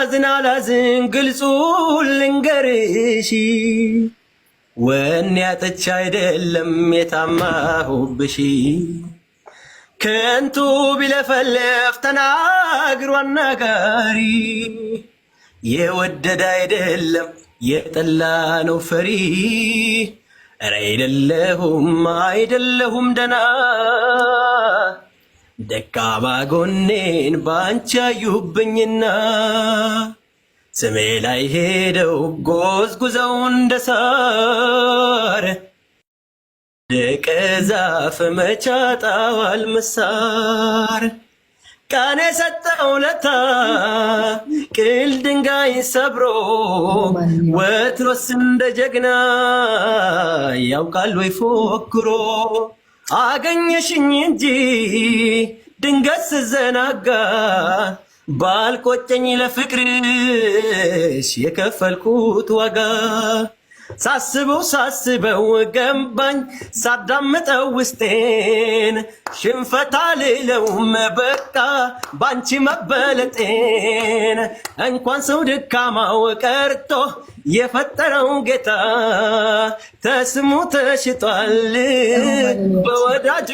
ላዝን አላዝን ግልጹ ልንገርሽ ወኔ አጥቼ አይደለም የታማሁብሽ ከንቱ ቢለፈለፍ ተናግሮ አናጋሪ የወደደ አይደለም የጠላ ነው ፈሪ። ኧረ አይደለሁም አይደለሁም ደና ደካማ ጎኔን ባንቺ አዩብኝና ስሜ ላይ ሄደው ጎዝጉዘው እንደሳር ደቀ ዛፍ መቻጣዋል ምሳር ቃኔ ሰጠው ለታ ቅል ድንጋይ ሰብሮ ወትሮስ እንደ ጀግና ያውቃል ወይ ፎክሮ አገኘሽኝ እንጂ ድንገት ስዘናጋ ባልቆጨኝ ለፍቅርሽ የከፈልኩት ዋጋ ሳስበው ሳስበው ገባኝ ሳዳምጠው ውስጤን ሽንፈታ ልለውም በቃ ባንቺ መበለጤን እንኳን ሰው ድካማው ቀርቶ የፈጠረው ጌታ ተስሙ ተሽጧል በወዳጁ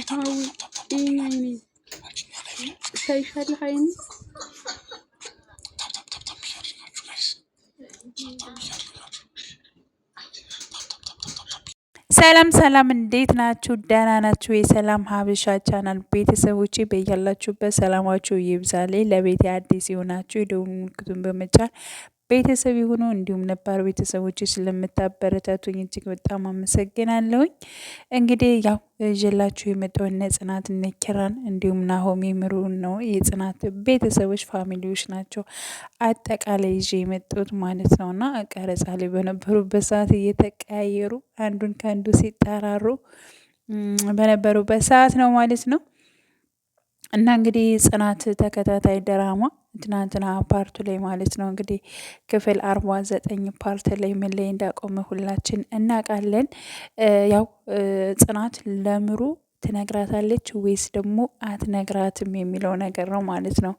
ይታይሻል ሀይሚ ሰላም ሰላም፣ እንዴት ናችሁ? ደህና ናችሁ? የሰላም ሀበሻ ቻናል ቤተሰቦች በያላችሁበት ሰላማችሁ ይብዛልኝ። ለቤት አዲስ የሆናችሁ የደወል ምልክቱን በመጫን ቤተሰብ የሆኑ እንዲሁም ነባር ቤተሰቦች ስለምታበረታቱኝ እጅግ በጣም አመሰግናለሁኝ። እንግዲህ ያው ይዤላችሁ የመጣሁት እነ ጽናት እነ ኪራን እንዲሁም ናሆም የምሩን ነው። የጽናት ቤተሰቦች ፋሚሊዎች ናቸው አጠቃላይ ይዤ የመጡት ማለት ነው። እና ቀረጻ ላይ በነበሩበት ሰዓት እየተቀያየሩ አንዱን ከአንዱ ሲጠራሩ በነበሩበት ሰዓት ነው ማለት ነው። እና እንግዲህ ጽናት ተከታታይ ድራማ ትናንትና ፓርቱ ላይ ማለት ነው እንግዲህ ክፍል አርባ ዘጠኝ ፓርት ላይ ምን ላይ እንዳቆመ ሁላችን እናውቃለን። ያው ጽናት ለምሩ ትነግራታለች ወይስ ደግሞ አትነግራትም የሚለው ነገር ነው ማለት ነው።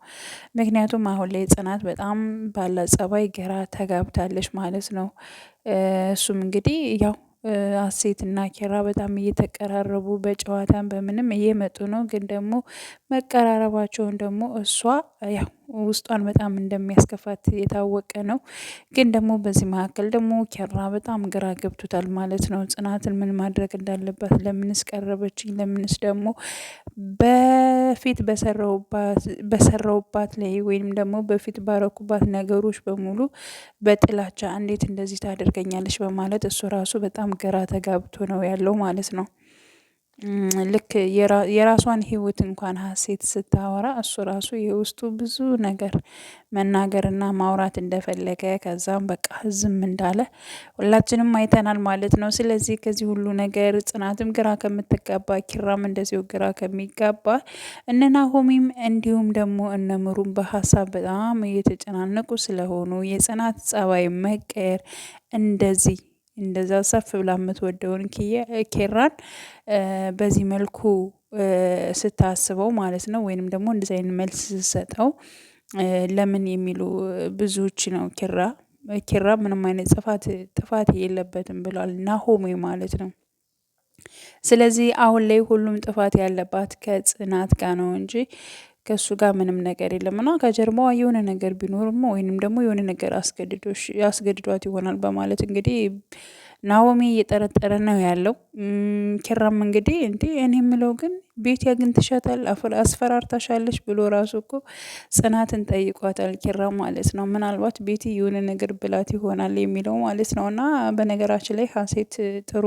ምክንያቱም አሁን ላይ ጽናት በጣም ባላ ጸባይ ግራ ተጋብታለች ማለት ነው። እሱም እንግዲህ ያው እና ኪራ በጣም እየተቀራረቡ በጨዋታን በምንም እየመጡ ነው። ግን ደግሞ መቀራረባቸውን ደግሞ እሷ ያው ውስጧን በጣም እንደሚያስከፋት የታወቀ ነው። ግን ደግሞ በዚህ መካከል ደግሞ ኪራ በጣም ግራ ገብቶታል ማለት ነው። ጽናትን ምን ማድረግ እንዳለባት፣ ለምንስ ቀረበችኝ፣ ለምንስ ደግሞ በፊት በሰራውባት ላይ ወይም ደግሞ በፊት ባረኩባት ነገሮች በሙሉ በጥላቻ እንዴት እንደዚህ ታደርገኛለች በማለት እሱ ራሱ በጣም ግራ ተጋብቶ ነው ያለው ማለት ነው። ልክ የራሷን ህይወት እንኳን ሀሴት ስታወራ እሱ ራሱ የውስጡ ብዙ ነገር መናገርና ማውራት እንደፈለገ ከዛም በቃ ዝም እንዳለ ሁላችንም አይተናል ማለት ነው። ስለዚህ ከዚህ ሁሉ ነገር ጽናትም ግራ ከምትጋባ፣ ኪራም እንደዚሁ ግራ ከሚጋባ እነ ናሆሚም እንዲሁም ደግሞ እነምሩም በሀሳብ በጣም እየተጨናነቁ ስለሆኑ የጽናት ጸባይ መቀየር እንደዚህ እንደዛ ሰፍ ብላ የምትወደውን ኬራን በዚህ መልኩ ስታስበው ማለት ነው። ወይንም ደግሞ እንደዚህ አይነት መልስ ስሰጠው ለምን የሚሉ ብዙዎች ነው። ኪራ ኪራ ምንም አይነት ጥፋት ጥፋት የለበትም ብሏል ናሆሜ ማለት ነው። ስለዚህ አሁን ላይ ሁሉም ጥፋት ያለባት ከጽናት ጋር ነው እንጂ ከእሱ ጋር ምንም ነገር የለም እና ከጀርባዋ የሆነ ነገር ቢኖርም ወይንም ደግሞ የሆነ ነገር አስገድዷት ይሆናል በማለት እንግዲህ ናኦሚ እየጠረጠረ ነው ያለው። ኪራም እንግዲህ እንዲ እኔ የምለው ግን ቤት አስፈራር አስፈራርታሻለች ብሎ ራሱ እኮ ጽናትን ጠይቋታል ኪራ ማለት ነው። ምናልባት ቤቲ የሆነ ነገር ብላት ይሆናል የሚለው ማለት ነው። እና በነገራችን ላይ ሀሴት ጥሩ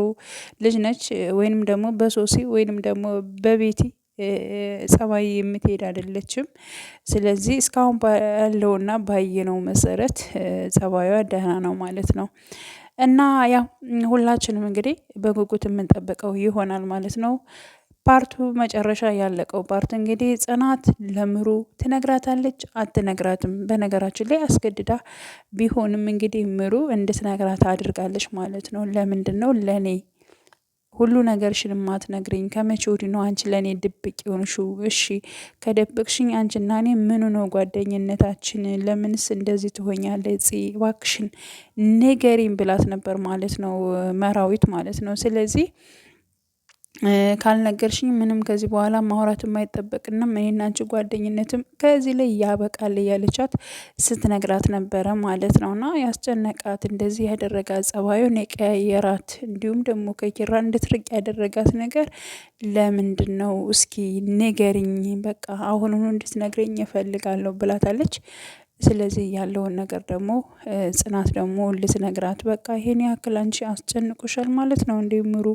ልጅ ነች፣ ወይንም ደግሞ በሶሲ ወይንም ደግሞ በቤቲ ጸባይ የምትሄድ አይደለችም። ስለዚህ እስካሁን ባለውና ባየነው መሰረት ጸባዩ ደህና ነው ማለት ነው። እና ያው ሁላችንም እንግዲህ በጉጉት የምንጠብቀው ይሆናል ማለት ነው። ፓርቱ መጨረሻ ያለቀው ፓርት እንግዲህ ጽናት ለምሩ ትነግራታለች አትነግራትም? በነገራችን ላይ አስገድዳ ቢሆንም እንግዲህ ምሩ እንድትነግራት አድርጋለች ማለት ነው። ለምንድን ነው ለእኔ ሁሉ ሽልማት ማትነግሪኝ ከመቼ ወዲህ ነው አንቺ ለእኔ ድብቅ የሆንሽው? እሺ ከደበቅሽኝ አንቺና እኔ ምኑ ነው ጓደኝነታችን? ለምንስ እንደዚህ ትሆኛለች? እባክሽን ንገሪኝ ብላት ነበር ማለት ነው መራዊት ማለት ነው። ስለዚህ ካልነገርሽኝ ምንም ከዚህ በኋላ ማውራት የማይጠበቅና እኔና አንቺ ጓደኝነትም ከዚህ ላይ ያበቃል እያለቻት ስትነግራት ነበረ ማለት ነው። እና ያስጨነቃት እንደዚህ ያደረጋት ጸባዩን የቀያየራት እንዲሁም ደግሞ ከኪራ እንድትርቅ ያደረጋት ነገር ለምንድን ነው? እስኪ ንገርኝ፣ በቃ አሁኑኑ እንድትነግረኝ እፈልጋለሁ ብላታለች። ስለዚህ ያለውን ነገር ደግሞ ጽናት ደግሞ ልትነግራት በቃ ይሄን ያክል አንቺ አስጨንቁሻል ማለት ነው እንዴ ምሩ?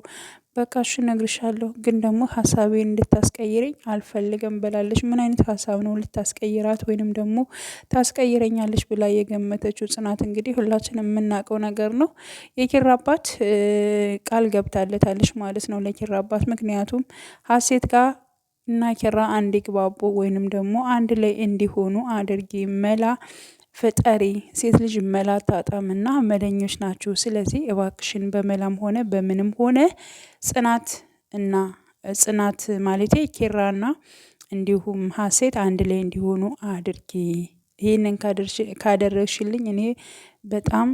በቃ እሺ እነግርሻለሁ፣ ግን ደግሞ ሀሳቤን እንድታስቀይረኝ አልፈልግም ብላለች። ምን አይነት ሀሳብ ነው ልታስቀይራት ወይንም ደግሞ ታስቀይረኛለች ብላ የገመተችው ጽናት እንግዲህ ሁላችን የምናውቀው ነገር ነው። የኪራ አባት ቃል ገብታለታለች ማለት ነው ለኪራ አባት። ምክንያቱም ሀሴት ጋር እና ኪራ እንዲግባቡ ወይንም ደግሞ አንድ ላይ እንዲሆኑ አድርጊ። መላ ፈጠሪ ሴት ልጅ መላ ታጣምና መለኞች ናችሁ። ስለዚህ እባክሽን በመላም ሆነ በምንም ሆነ ጽናት እና ጽናት ማለቴ ኪራና እንዲሁም ሀሴት አንድ ላይ እንዲሆኑ አድርጊ። ይህንን ካደረግሽልኝ እኔ በጣም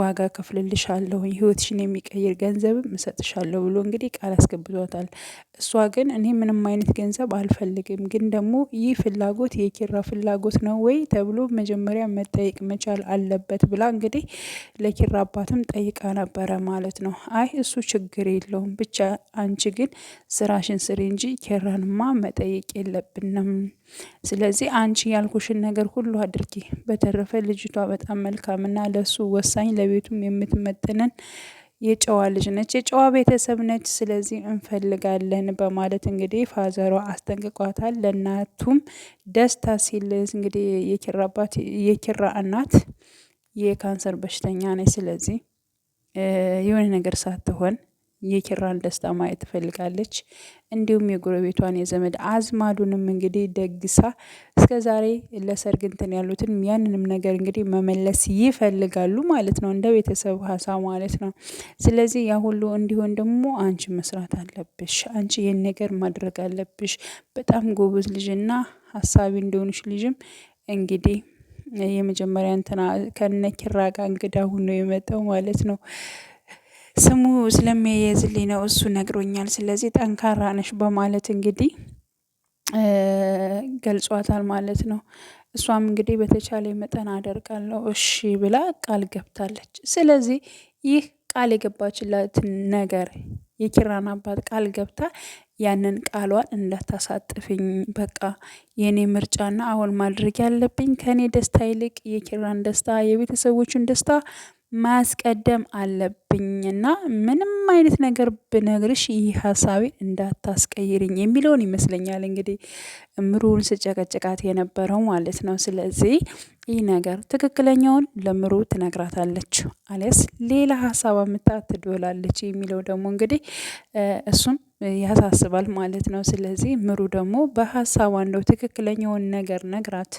ዋጋ ከፍልልሻለሁ፣ ህይወትሽን የሚቀይር ገንዘብም እሰጥሻለሁ ብሎ እንግዲህ ቃል አስገብቷታል። እሷ ግን እኔ ምንም አይነት ገንዘብ አልፈልግም፣ ግን ደግሞ ይህ ፍላጎት የኪራ ፍላጎት ነው ወይ ተብሎ መጀመሪያ መጠየቅ መቻል አለበት ብላ እንግዲህ ለኪራ አባትም ጠይቃ ነበረ ማለት ነው። አይ እሱ ችግር የለውም ብቻ አንቺ ግን ስራሽን ስሪ እንጂ ኪራንማ መጠየቅ የለብንም ስለዚህ አንቺ ያልኩሽን ነገር ሁሉ አድርጊ። በተረፈ ልጅቷ በጣም መልካምና ለሱ ወሳኝ ለቤቱም የምትመጥነን የጨዋ ልጅ ነች፣ የጨዋ ቤተሰብ ነች። ስለዚህ እንፈልጋለን በማለት እንግዲህ ፋዘሯ አስጠንቅቋታል። ለእናቱም ደስታ ሲል እንግዲህ የኪራ እናት የካንሰር በሽተኛ ነች። ስለዚህ የሆነ ነገር ሳትሆን የኪራን ደስታ ማየት ትፈልጋለች። እንዲሁም የጎረቤቷን የዘመድ አዝማዱንም እንግዲህ ደግሳ እስከ ዛሬ ለሰርግ እንትን ያሉትን ያንንም ነገር እንግዲህ መመለስ ይፈልጋሉ ማለት ነው፣ እንደ ቤተሰብ ሀሳብ ማለት ነው። ስለዚህ ያ ሁሉ እንዲሆን ደግሞ አንቺ መስራት አለብሽ፣ አንቺ ይህን ነገር ማድረግ አለብሽ። በጣም ጎበዝ ልጅና ሀሳቢ እንደሆንሽ ልጅም እንግዲህ የመጀመሪያ እንትና ከነ ጋር እንግዳ ሁኖ የመጣው ማለት ነው። ስሙ ስለሚያያዝልኝ ነው እሱ ነግሮኛል፣ ስለዚህ ጠንካራ ነሽ በማለት እንግዲህ ገልጿታል ማለት ነው። እሷም እንግዲህ በተቻለ መጠን አደርጋለሁ እሺ ብላ ቃል ገብታለች። ስለዚህ ይህ ቃል የገባችላትን ነገር የኪራን አባት ቃል ገብታ ያንን ቃሏን እንዳታሳጥፍኝ በቃ የእኔ ምርጫና አሁን ማድረግ ያለብኝ ከእኔ ደስታ ይልቅ የኪራን ደስታ፣ የቤተሰቦችን ደስታ ማስቀደም አለብኝ አለብኝና ምንም አይነት ነገር ብነግርሽ ይህ ሀሳቤን እንዳታስቀይርኝ የሚለውን ይመስለኛል እንግዲህ እምሩን ስጨቀጭቃት የነበረው ማለት ነው። ስለዚህ ይህ ነገር ትክክለኛውን ለምሩ ትነግራታለች፣ አሊያስ ሌላ ሀሳብ አምታ ትዶላለች የሚለው ደግሞ እንግዲህ እሱም ያሳስባል ማለት ነው። ስለዚህ ምሩ ደግሞ በሀሳቧ እንደው ትክክለኛውን ነገር ነግራት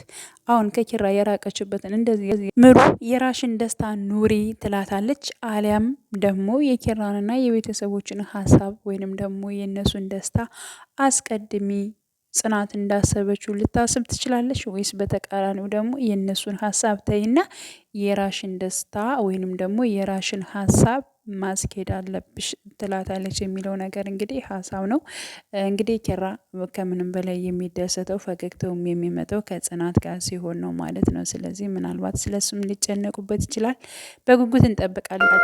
አሁን ከኪራ የራቀችበትን እንደዚህ ምሩ የራሽን ደስታ ኑሪ ትላታለች አሊያም ደግሞ የኪራንና የቤተሰቦችን ሀሳብ ወይንም ደግሞ የእነሱን ደስታ አስቀድሚ ጽናት እንዳሰበችው ልታስብ ትችላለች ወይስ በተቃራኒው ደግሞ የእነሱን ሀሳብ ተይና የራሽን ደስታ ወይንም ደግሞ የራሽን ሀሳብ ማስኬድ አለብሽ ትላታለች የሚለው ነገር እንግዲህ ሀሳብ ነው። እንግዲህ ኪራ ከምንም በላይ የሚደሰተው ፈገግታውም የሚመጣው ከጽናት ጋር ሲሆን ነው ማለት ነው። ስለዚህ ምናልባት ስለሱም ሊጨነቁበት ይችላል። በጉጉት እንጠብቃለን።